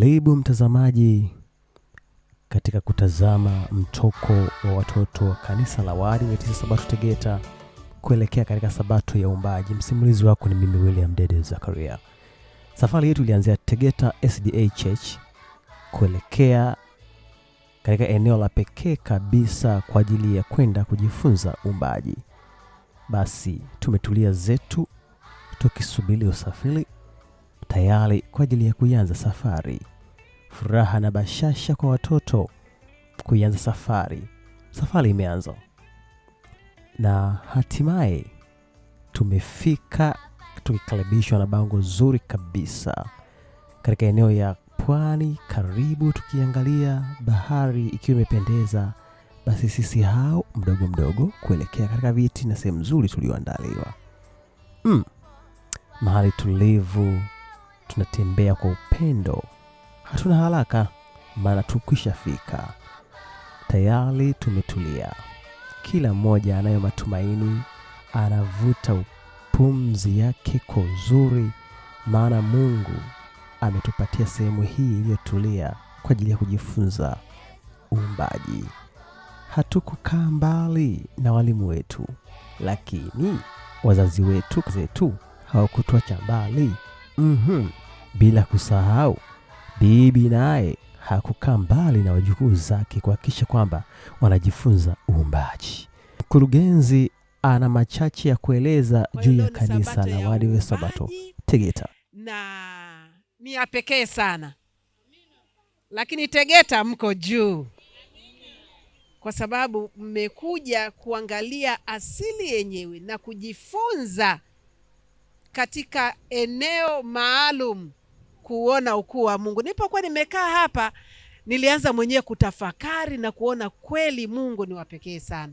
Karibu mtazamaji katika kutazama mtoko wa watoto wa kanisa la Waadventista Sabato Tegeta kuelekea katika Sabato ya Uumbaji. Msimulizi wako ni mimi William Dede Zakaria. Safari yetu ilianzia Tegeta SDA Church kuelekea katika eneo la pekee kabisa kwa ajili ya kwenda kujifunza uumbaji. Basi tumetulia zetu tukisubiri usafiri tayari kwa ajili ya kuanza safari. Furaha na bashasha kwa watoto kuianza safari. Safari imeanza na hatimaye tumefika, tukikaribishwa na bango zuri kabisa katika eneo ya pwani karibu, tukiangalia bahari ikiwa imependeza. Basi sisi hao mdogo mdogo kuelekea katika viti na sehemu nzuri tulioandaliwa, mm, mahali tulivu tunatembea kwa upendo, hatuna haraka, maana tukwishafika tayari, tumetulia. Kila mmoja anayo matumaini, anavuta pumzi yake kwa uzuri, maana Mungu ametupatia sehemu hii iliyotulia kwa ajili ya kujifunza uumbaji. Hatukukaa mbali na walimu wetu, lakini wazazi wetu zetu hawakutuacha mbali mm -hmm. Bila kusahau bibi naye hakukaa mbali na wajukuu zake kuhakikisha kwamba wanajifunza uumbaji. Mkurugenzi ana machache ya kueleza juu ya kanisa la Wadiwe Sabato Tegeta, na ni ya pekee sana, lakini Tegeta mko juu kwa sababu mmekuja kuangalia asili yenyewe na kujifunza katika eneo maalum kuona ukuu wa Mungu. Nilipokuwa nimekaa hapa, nilianza mwenyewe kutafakari na kuona kweli Mungu ni wa pekee sana,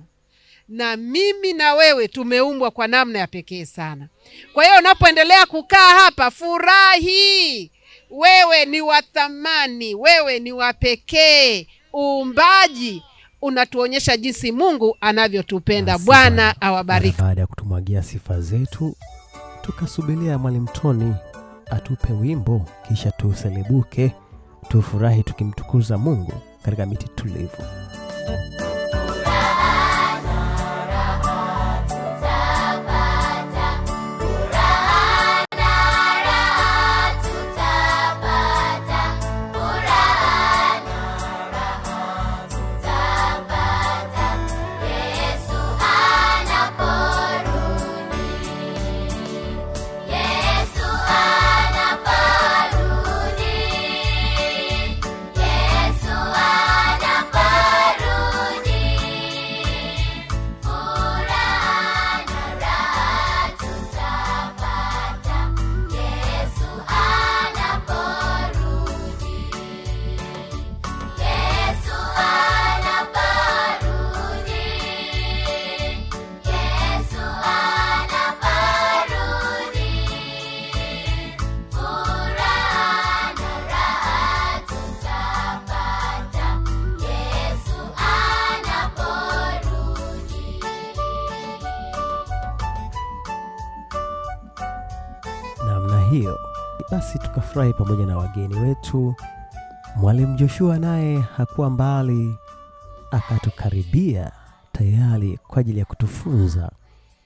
na mimi na wewe tumeumbwa kwa namna ya pekee sana. Kwa hiyo unapoendelea kukaa hapa, furahi, wewe ni wa thamani, wewe ni wa pekee. Uumbaji unatuonyesha jinsi Mungu anavyotupenda. Bwana awabariki. Baada ya kutumwagia sifa zetu tukasubilia Mwalimu toni atupe wimbo, kisha tuselebuke, tufurahi tukimtukuza Mungu katika miti tulivu. hiyo basi tukafurahi pamoja na wageni wetu. Mwalimu Joshua naye hakuwa mbali, akatukaribia tayari kwa ajili ya kutufunza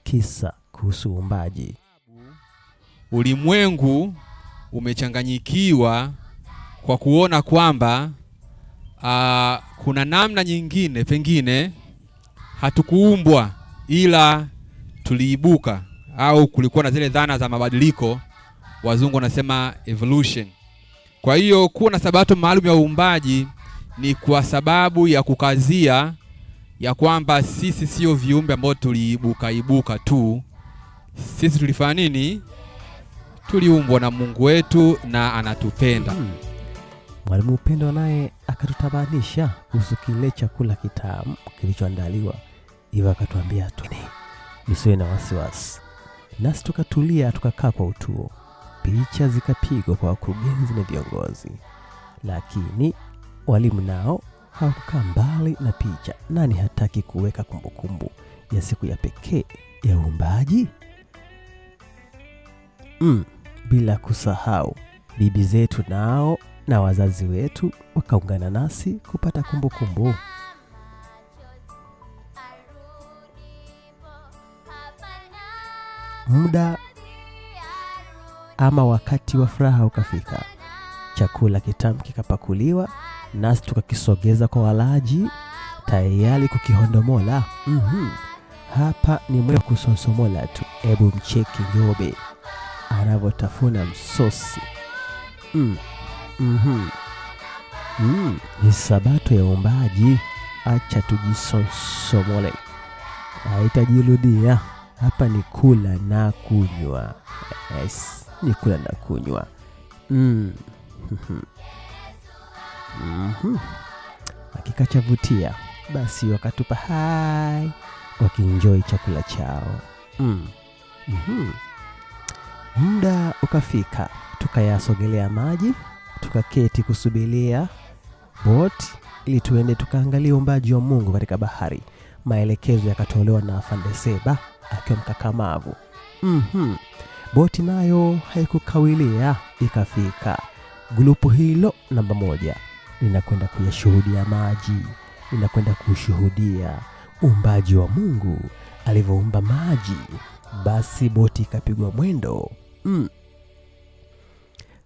kisa kuhusu uumbaji. Ulimwengu umechanganyikiwa kwa kuona kwamba a, ah, kuna namna nyingine, pengine hatukuumbwa ila tuliibuka, au kulikuwa na zile dhana za mabadiliko wazungu wanasema evolution. Kwa hiyo kuwa na sabato maalum ya uumbaji ni kwa sababu ya kukazia ya kwamba sisi sio viumbe ambao tuliibuka ibuka tu. Sisi tulifanya nini? Tuliumbwa na Mungu wetu na anatupenda. Hmm. Mwalimu Upendo naye akatutabanisha kuhusu kile chakula kitamu kilichoandaliwa, hivyo akatuambia tu nisiwe na wasiwasi, nasi tukatulia, tukakaa kwa utuo picha zikapigwa kwa wakurugenzi na viongozi, lakini walimu nao hawakukaa mbali na picha. Nani hataki kuweka kumbukumbu ya siku ya pekee ya uumbaji? Mm, bila kusahau bibi zetu nao na wazazi wetu wakaungana nasi kupata kumbukumbu kumbu. Muda ama wakati wa furaha ukafika. Chakula kitamu kikapakuliwa, nasi tukakisogeza kwa walaji tayari kukihondomola. Mm-hmm. Hapa ni mwe wa kusonsomola tu. Ebu mcheki Nyobe anavyotafuna msosi. Mm. Mm-hmm. Mm. Ni sabato ya umbaji, acha tujisonsomole, haitajirudia. Hapa ni kula na kunywa. Yes ni kula na kunywa. Mm. mm-hmm. chavutia. Basi wakatupa hai wakinjoi chakula chao. mm. mm-hmm. Muda ukafika, tukayasogelea maji, tukaketi kusubilia bot ili tuende tukaangalia umbaji wa Mungu katika bahari. Maelekezo yakatolewa na afande Seba akiwa mkakamavu. mm-hmm. Boti nayo haikukawilia ikafika. Grupu hilo namba moja linakwenda kuyashuhudia maji, linakwenda kushuhudia uumbaji wa Mungu alivyoumba maji. Basi boti ikapigwa mwendo mm,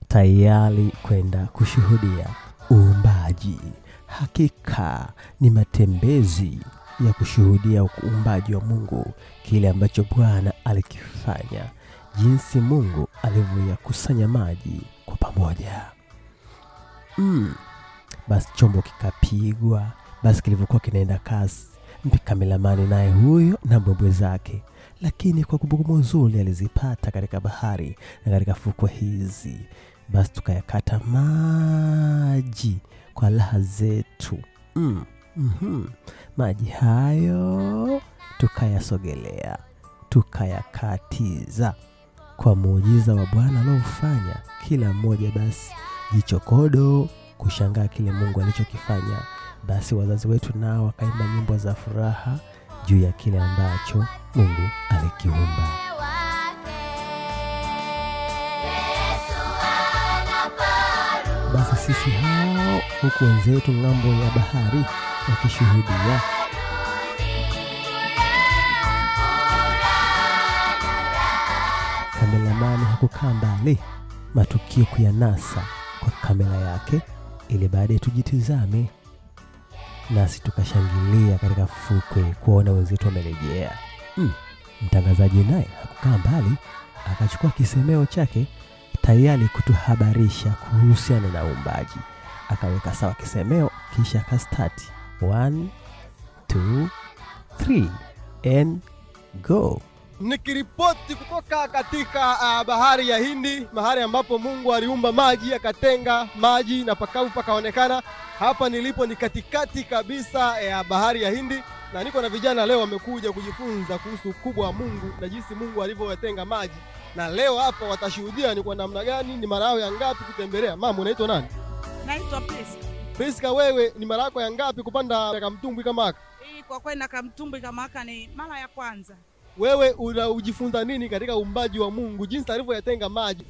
tayari kwenda kushuhudia uumbaji. Hakika ni matembezi ya kushuhudia uumbaji wa Mungu, kile ambacho Bwana alikifanya jinsi Mungu alivyoyakusanya maji kwa pamoja. Mm, basi chombo kikapigwa, basi kilivyokuwa kinaenda kasi, mpika milamani naye huyo na mbwembwe zake, lakini kwa kumbukumbu nzuri alizipata katika bahari na katika fukwe hizi. Basi tukayakata maji kwa laha zetu mm. Mm -hmm. Maji hayo tukayasogelea, tukayakatiza kwa muujiza wa Bwana anaofanya kila mmoja basi jichokodo kushangaa kile Mungu alichokifanya. Basi wazazi wetu nao wakaimba nyimbo za furaha juu ya kile ambacho Mungu alikiumba. Basi sisi hao huku wenzetu ng'ambo ya bahari wakishuhudia kukaa mbali, matukio kuyanasa kwa kamera yake ili baadaye tujitizame nasi tukashangilia katika fukwe kuwaona wenzetu wamerejea. hmm. mtangazaji naye hakukaa mbali, akachukua kisemeo chake tayari kutuhabarisha kuhusiana na uumbaji. Akaweka sawa kisemeo, kisha kastati 1 2 3 and go. Nikiripoti kutoka katika uh, bahari ya Hindi, mahali ambapo Mungu aliumba maji akatenga maji na pakavu pakaonekana. Hapa nilipo ni katikati kabisa ya bahari ya Hindi, na niko na vijana leo wamekuja kujifunza kuhusu ukubwa wa Mungu na jinsi Mungu alivyoyatenga maji, na leo hapa watashuhudia ni kwa namna gani, ni mara yao ya ngapi kutembelea. Mama, unaitwa nani? Naitwa Priska. Priska, wewe ni mara yako ya ngapi kupanda kamtumbwi kama haka? Kwa kweli na kamtumbwi kama haka ni mara ya kwanza wewe unajifunza nini katika uumbaji wa Mungu, jinsi alivyoyatenga maji?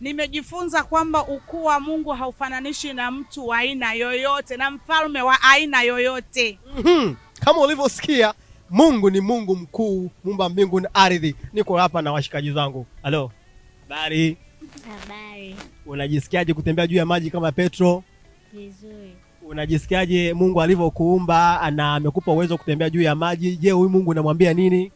Nimejifunza kwamba ukuu wa Mungu haufananishi na mtu wa aina yoyote na mfalme wa aina yoyote. mm -hmm. Kama ulivyosikia, Mungu ni Mungu mkuu, mumba mbingu na ardhi. Niko hapa na washikaji zangu. Halo, habari? Habari. Unajisikiaje kutembea juu ya maji kama Petro? Vizuri. Unajisikiaje Mungu alivyokuumba na amekupa uwezo kutembea juu ya maji? Je, huyu Mungu unamwambia nini?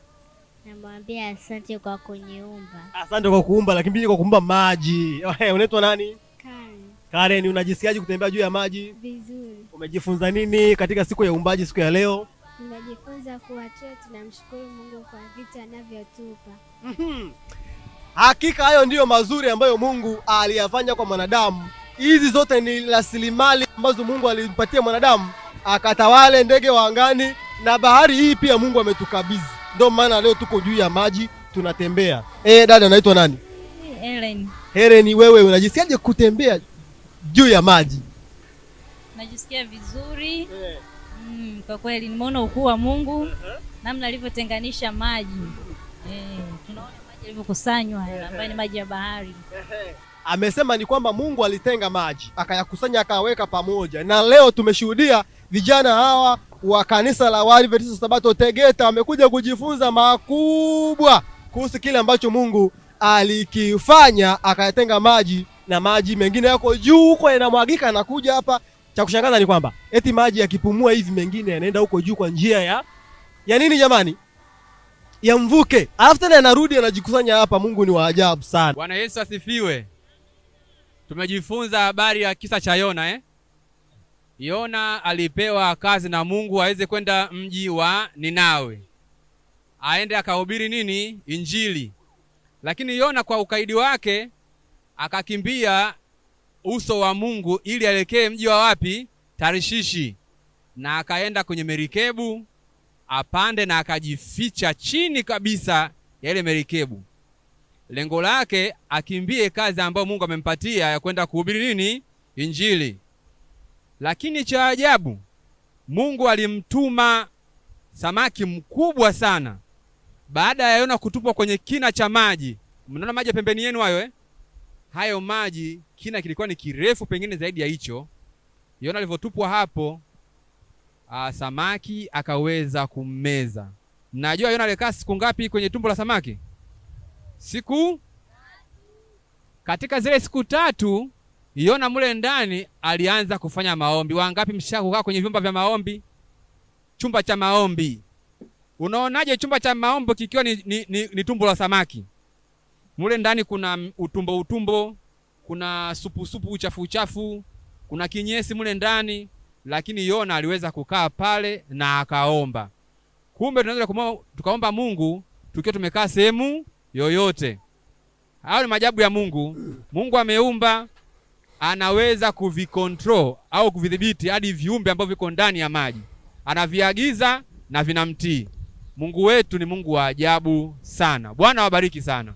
kumwambia asante kwa kuniumba. Asante kwa kuumba, lakini pili kwa kuumba maji. unaitwa nani? Karen. Karen, unajisikiaje kutembea juu ya maji? Vizuri. Umejifunza nini katika siku ya uumbaji siku ya leo? Tunajifunza kuwa tuwe tunamshukuru Mungu kwa vitu anavyotupa. Mhm. Hakika hayo ndiyo mazuri ambayo Mungu aliyafanya kwa mwanadamu. Hizi zote ni rasilimali ambazo Mungu alimpatia mwanadamu, akatawale ndege wa angani na bahari hii pia Mungu ametukabidhi. Ndio maana leo tuko juu ya maji tunatembea. Eh, dada anaitwa nani? Helen. Helen, wewe unajisikiaje kutembea juu ya maji? Najisikia vizuri eh. Mm, kwa kweli nimeona ukuu wa Mungu uh -huh. namna alivyotenganisha maji eh, tunaona maji yalivyokusanywa eh, ambayo ni eh. maji ya bahari eh, eh. Amesema ni kwamba Mungu alitenga maji akayakusanya akaweka pamoja, na leo tumeshuhudia vijana hawa wa kanisa la Waadventista Sabato Tegeta wamekuja kujifunza makubwa kuhusu kile ambacho Mungu alikifanya akayatenga maji na maji mengine yako juu huko yanamwagika yanakuja hapa. Cha kushangaza ni kwamba eti maji yakipumua hivi mengine yanaenda huko juu kwa njia ya ya nini jamani, ya mvuke, alafu tena yanarudi yanajikusanya hapa. Mungu ni wa ajabu sana. Bwana Yesu asifiwe. Tumejifunza habari ya kisa cha Yona eh? Yona alipewa kazi na Mungu aweze kwenda mji wa Ninawe, aende akahubiri nini? Injili. Lakini Yona kwa ukaidi wake akakimbia uso wa Mungu ili aelekee mji wa wapi? Tarishishi. Na akaenda kwenye merikebu apande na akajificha chini kabisa ya ile merikebu. Lengo lake akimbie kazi ambayo Mungu amempatia ya kwenda kuhubiri nini? Injili. Lakini cha ajabu, Mungu alimtuma samaki mkubwa sana. Baada ya Yona kutupwa kwenye kina cha maji, mnaona maji ya pembeni yenu hayo eh? Hayo maji kina kilikuwa ni kirefu pengine zaidi ya hicho. Yona alivyotupwa hapo, aa, ah, samaki akaweza kummeza. Najua Yona alikaa siku ngapi kwenye tumbo la samaki? Siku katika zile siku tatu Yona mule ndani alianza kufanya maombi. Wangapi mshakukaa kwenye vyumba vya maombi, chumba cha maombi? Unaonaje chumba cha maombi kikiwa ni, ni, ni, ni tumbo la samaki? Mule ndani kuna utumbo utumbo, kuna supu supu, uchafu uchafu, kuna kinyesi mule ndani, lakini Yona aliweza kukaa pale na akaomba. Kumbe tunaweza tukaomba Mungu tukiwa tumekaa sehemu yoyote. Hayo ni majabu ya Mungu. Mungu ameumba anaweza kuvikontrol au kuvidhibiti hadi viumbe ambavyo viko ndani ya maji, anaviagiza na vinamtii. Mungu wetu ni Mungu wa ajabu sana. Bwana wabariki sana.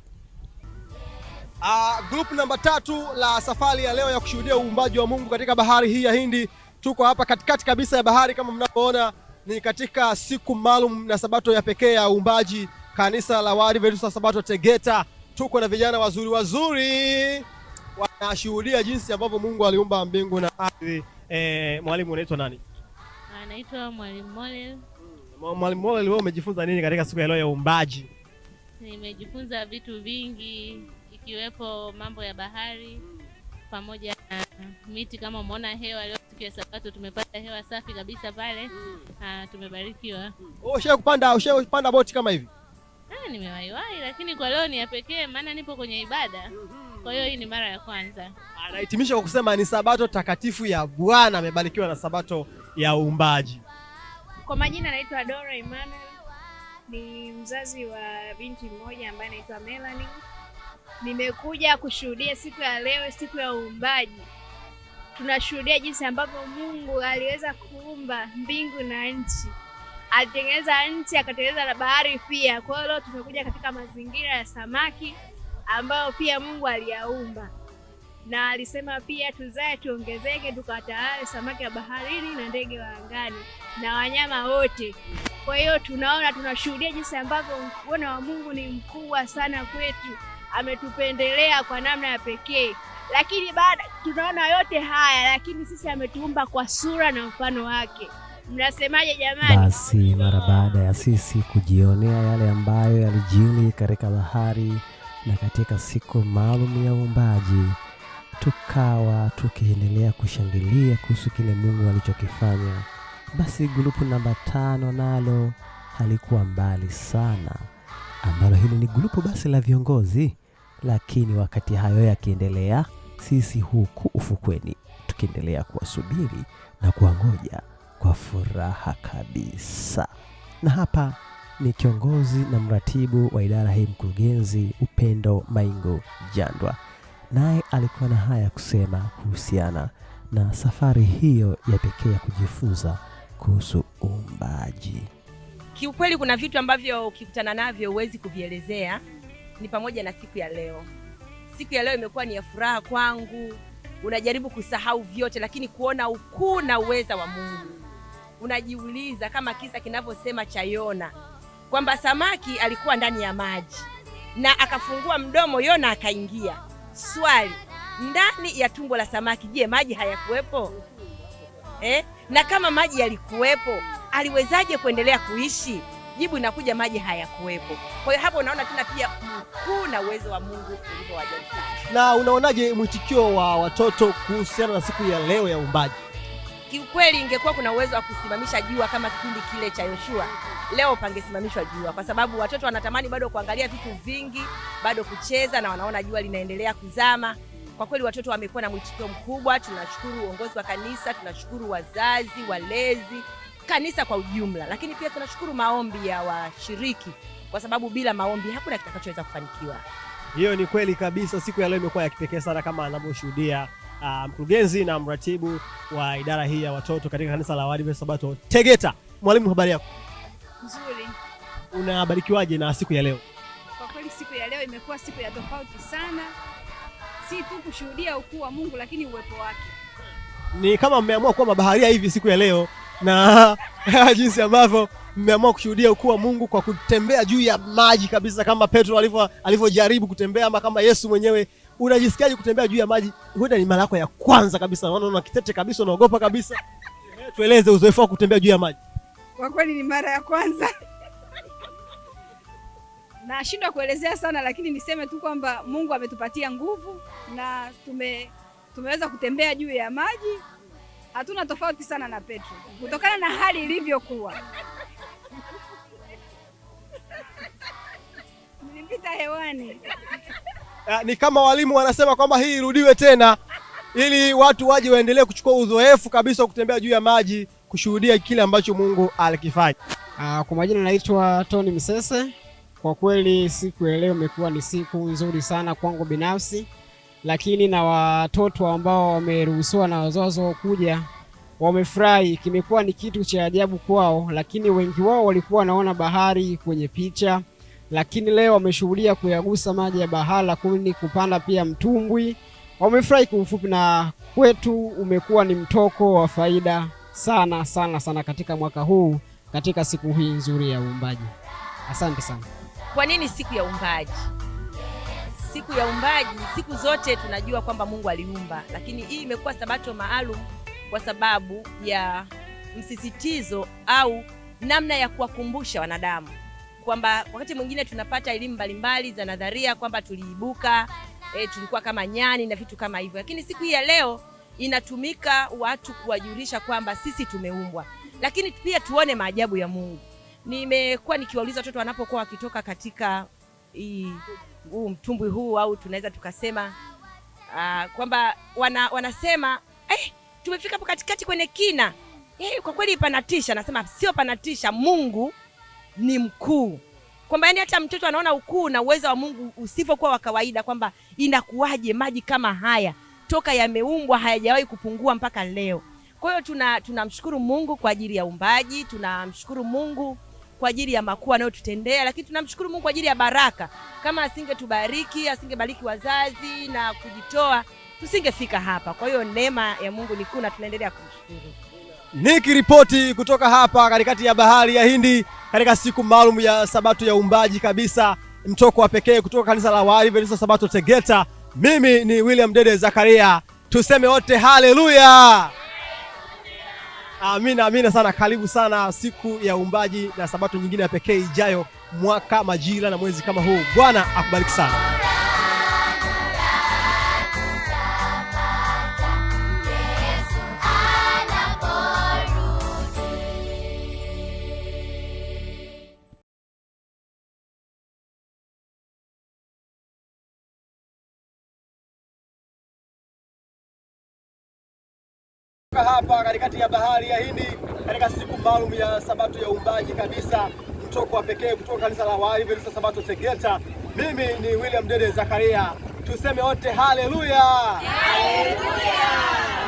Uh, group namba tatu la safari ya leo ya kushuhudia uumbaji wa Mungu katika bahari hii ya Hindi, tuko hapa katikati kabisa ya bahari kama mnavyoona. Ni katika siku maalum na sabato ya pekee ya uumbaji, kanisa la Waadventista Sabato Tegeta. Tuko na vijana wazuri wazuri nashuhudia jinsi ambavyo Mungu aliumba mbingu na ardhi. Eh, mwalimu unaitwa nani? Anaitwa Mwalimu Mole. Hmm, mwalimu Molel, wewe umejifunza nini katika siku ya leo ya uumbaji? Nimejifunza vitu vingi ikiwepo mambo ya bahari pamoja na miti. Kama umeona hewa leo, siku ya Sabato tumepata hewa safi kabisa pale. Hmm. Ah, tumebarikiwa. Hmm. Ushawahi kupanda ushawahi kupanda boti kama hivi? Ah, nimewaiwai lakini kwa leo ni ya pekee, maana nipo kwenye ibada. Kwa hiyo hii ni mara ya kwanza. Anahitimisha kwa kusema ni sabato takatifu ya Bwana, amebarikiwa na sabato ya uumbaji. Kwa majina anaitwa Dora Emmanuel, ni mzazi wa binti mmoja ambaye anaitwa Melanie. Nimekuja kushuhudia siku ya leo, siku ya uumbaji. Tunashuhudia jinsi ambavyo Mungu aliweza kuumba mbingu na nchi, alitengeneza nchi, akatengeneza na bahari pia. Kwa hiyo leo tumekuja katika mazingira ya samaki ambayo pia Mungu aliyaumba na alisema pia tuzae tuongezeke, tukatawale samaki wa baharini na ndege wa angani na wanyama wote. Kwa hiyo tunaona tunashuhudia jinsi ambavyo mkono wa Mungu ni mkubwa sana kwetu, ametupendelea kwa namna ya pekee. Lakini baada tunaona yote haya, lakini sisi ametuumba kwa sura na mfano wake. Mnasemaje jamani? Basi mara baada ya sisi kujionea yale ambayo yalijiri katika bahari na katika siku maalum ya uumbaji tukawa tukiendelea kushangilia kuhusu kile Mungu alichokifanya. Basi grupu namba tano nalo halikuwa mbali sana, ambalo hili ni grupu basi la viongozi. Lakini wakati hayo yakiendelea, sisi huku ufukweni tukiendelea kuwasubiri na kuwangoja kwa furaha kabisa, na hapa ni kiongozi na mratibu wa idara hii mkurugenzi Upendo Maingo Jandwa, naye alikuwa na haya kusema kuhusiana na safari hiyo ya pekee ya kujifunza kuhusu uumbaji. Kiukweli kuna vitu ambavyo ukikutana navyo huwezi kuvielezea, ni pamoja na siku ya leo. Siku ya leo imekuwa ni ya furaha kwangu. Unajaribu kusahau vyote, lakini kuona ukuu na uweza wa Mungu unajiuliza kama kisa kinavyosema cha Yona kwamba samaki alikuwa ndani ya maji na akafungua mdomo, Yona akaingia. Swali, ndani ya tumbo la samaki, je, maji hayakuwepo eh? Na kama maji yalikuwepo, aliwezaje kuendelea kuishi? Jibu inakuja, maji hayakuwepo. Kwa hiyo hapo unaona tena pia mkuu na uwezo wa Mungu ulivyo sana. Na unaonaje mwitikio wa watoto kuhusiana na siku ya leo ya uumbaji? Kiukweli ingekuwa kuna uwezo wa kusimamisha jua kama kipindi kile cha Yoshua leo pangesimamishwa jua, kwa sababu watoto wanatamani bado kuangalia vitu vingi, bado kucheza na wanaona jua linaendelea kuzama. Kwa kweli watoto wamekuwa na mwitikio mkubwa. Tunashukuru uongozi wa kanisa, tunashukuru wazazi, walezi, kanisa kwa ujumla, lakini pia tunashukuru maombi ya washiriki, kwa sababu bila maombi hakuna kitakachoweza kufanikiwa. Hiyo ni kweli kabisa. Siku ya leo imekuwa ya kipekee sana kama anavyoshuhudia uh, mkurugenzi na mratibu wa idara hii ya watoto katika kanisa la Waadventista Sabato Tegeta. Mwalimu, habari yako? Nzuri. Unabarikiwaje na siku ya leo? Kwa kweli siku ya leo imekuwa siku ya tofauti sana, si tu kushuhudia ukuu wa Mungu lakini uwepo wake. Ni kama mmeamua kuwa mabaharia hivi siku ya leo na jinsi ambavyo mmeamua kushuhudia ukuu wa Mungu kwa kutembea juu ya maji kabisa, kama Petro alivyo alivyojaribu kutembea ama kama Yesu mwenyewe. Unajisikiaje kutembea juu ya maji? Huenda ni mara yako ya kwanza kabisa, unaona kitete kabisa, unaogopa kabisa. Tueleze uzoefu wa kutembea juu ya maji. Kwa kweli ni mara ya kwanza nashindwa kuelezea sana, lakini niseme tu kwamba Mungu ametupatia nguvu na tume, tumeweza kutembea juu ya maji. Hatuna tofauti sana na Petro kutokana na hali ilivyokuwa. Nilipita hewani. Ah, ni kama walimu wanasema kwamba hii irudiwe tena ili watu waje waendelee kuchukua uzoefu kabisa wa kutembea juu ya maji kushuhudia kile ambacho Mungu alikifanya. Ah, kwa majina naitwa Tony Msese. Kwa kweli siku ya leo imekuwa ni siku nzuri sana kwangu binafsi, lakini na watoto ambao wameruhusiwa na wazazi wao kuja wamefurahi. Kimekuwa ni kitu cha ajabu kwao, lakini wengi wao walikuwa wanaona bahari kwenye picha, lakini leo wameshuhudia kuyagusa maji ya bahari, lakini kupanda pia mtumbwi, wamefurahi. Kwa ufupi, na kwetu umekuwa ni mtoko wa faida sana sana sana katika mwaka huu, katika siku hii nzuri ya uumbaji. Asante sana. Kwa nini siku ya uumbaji? Siku ya uumbaji, siku zote tunajua kwamba Mungu aliumba, lakini hii imekuwa sabato maalum kwa sababu ya msisitizo au namna ya kuwakumbusha wanadamu kwamba wakati mwingine tunapata elimu mbalimbali za nadharia kwamba tuliibuka, e, tulikuwa kama nyani na vitu kama hivyo, lakini siku hii ya leo inatumika watu kuwajulisha kwamba sisi tumeumbwa, lakini pia tuone maajabu ya Mungu. Nimekuwa nikiwauliza watoto wanapokuwa wakitoka katika huu mtumbwi huu au tunaweza tukasema uh, kwamba wana, wanasema eh, tumefika hapo katikati kwenye kina eh, kwa kweli panatisha. Nasema sio panatisha, Mungu ni mkuu, kwamba yani hata mtoto anaona ukuu na uwezo wa Mungu usivyokuwa wa kawaida, kwamba inakuwaje maji kama haya toka yameumbwa hayajawahi kupungua mpaka leo. Kwa hiyo tuna tunamshukuru Mungu kwa ajili ya umbaji tunamshukuru Mungu kwa ajili ya makuu anayotutendea, lakini tunamshukuru Mungu kwa ajili ya baraka. Kama asingetubariki, asingebariki wazazi na kujitoa, tusingefika hapa. Kwa hiyo neema ya Mungu ni kuu na tunaendelea kumshukuru. Nikiripoti kutoka hapa katikati ya bahari ya Hindi katika siku maalum ya Sabato ya umbaji kabisa, mtoko wa pekee kutoka kanisa la Waadventista Sabato Tegeta. Mimi ni William Dede Zakaria, tuseme wote haleluya. Amina, amina sana. Karibu sana siku ya uumbaji na sabato nyingine ya pekee ijayo, mwaka, majira na mwezi kama huu. Bwana akubariki sana. ya bahari ya Hindi katika siku maalum ya sabato ya uumbaji kabisa, mtoko wa pekee kutoka kanisa la Waadventista Sabato Tegeta. Mimi ni William Dede Zakaria, tuseme wote haleluya, haleluya.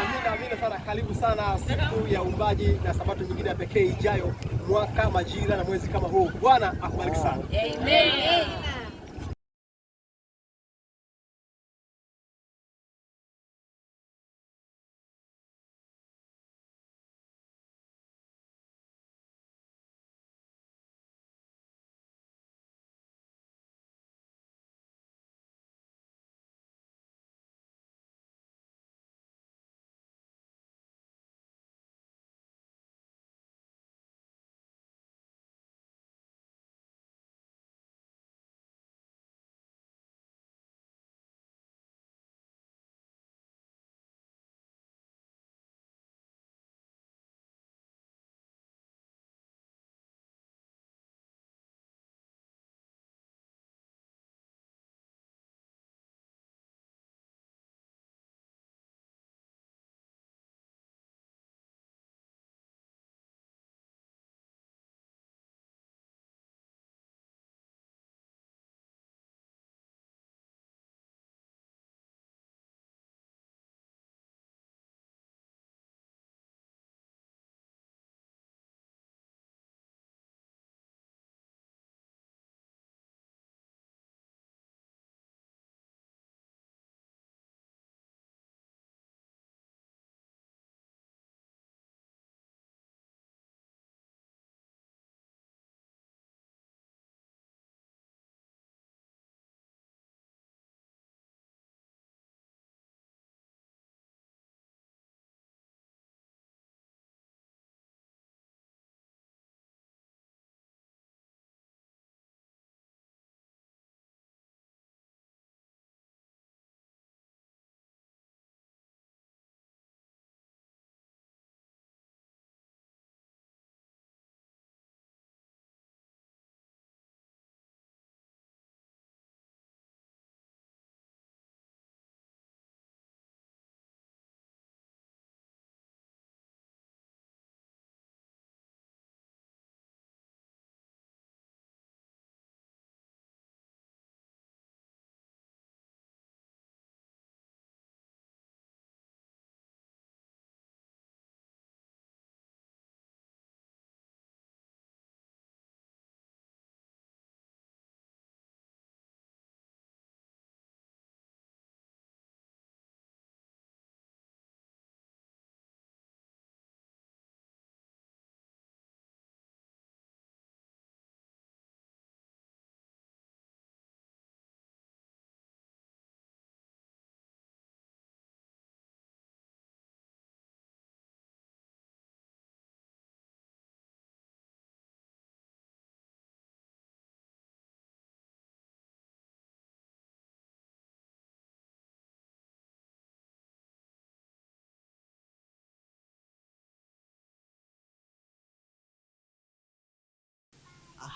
Amina, amina sana. Karibu sana siku ya uumbaji na sabato nyingine ya pekee ijayo, mwaka, majira na mwezi kama huu. Bwana akubariki sana. Amen.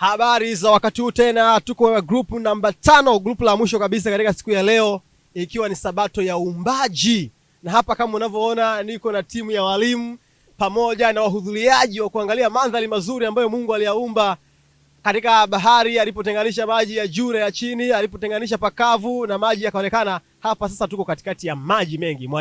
Habari za wakati huu tena, tuko group namba tano, group la mwisho kabisa katika siku ya leo, ikiwa ni sabato ya uumbaji, na hapa kama unavyoona niko na timu ya walimu pamoja na wahudhuriaji wa kuangalia mandhari mazuri ambayo Mungu aliyaumba katika bahari, alipotenganisha maji ya juu na ya chini, alipotenganisha pakavu na maji yakaonekana. Hapa sasa tuko katikati ya maji mengi.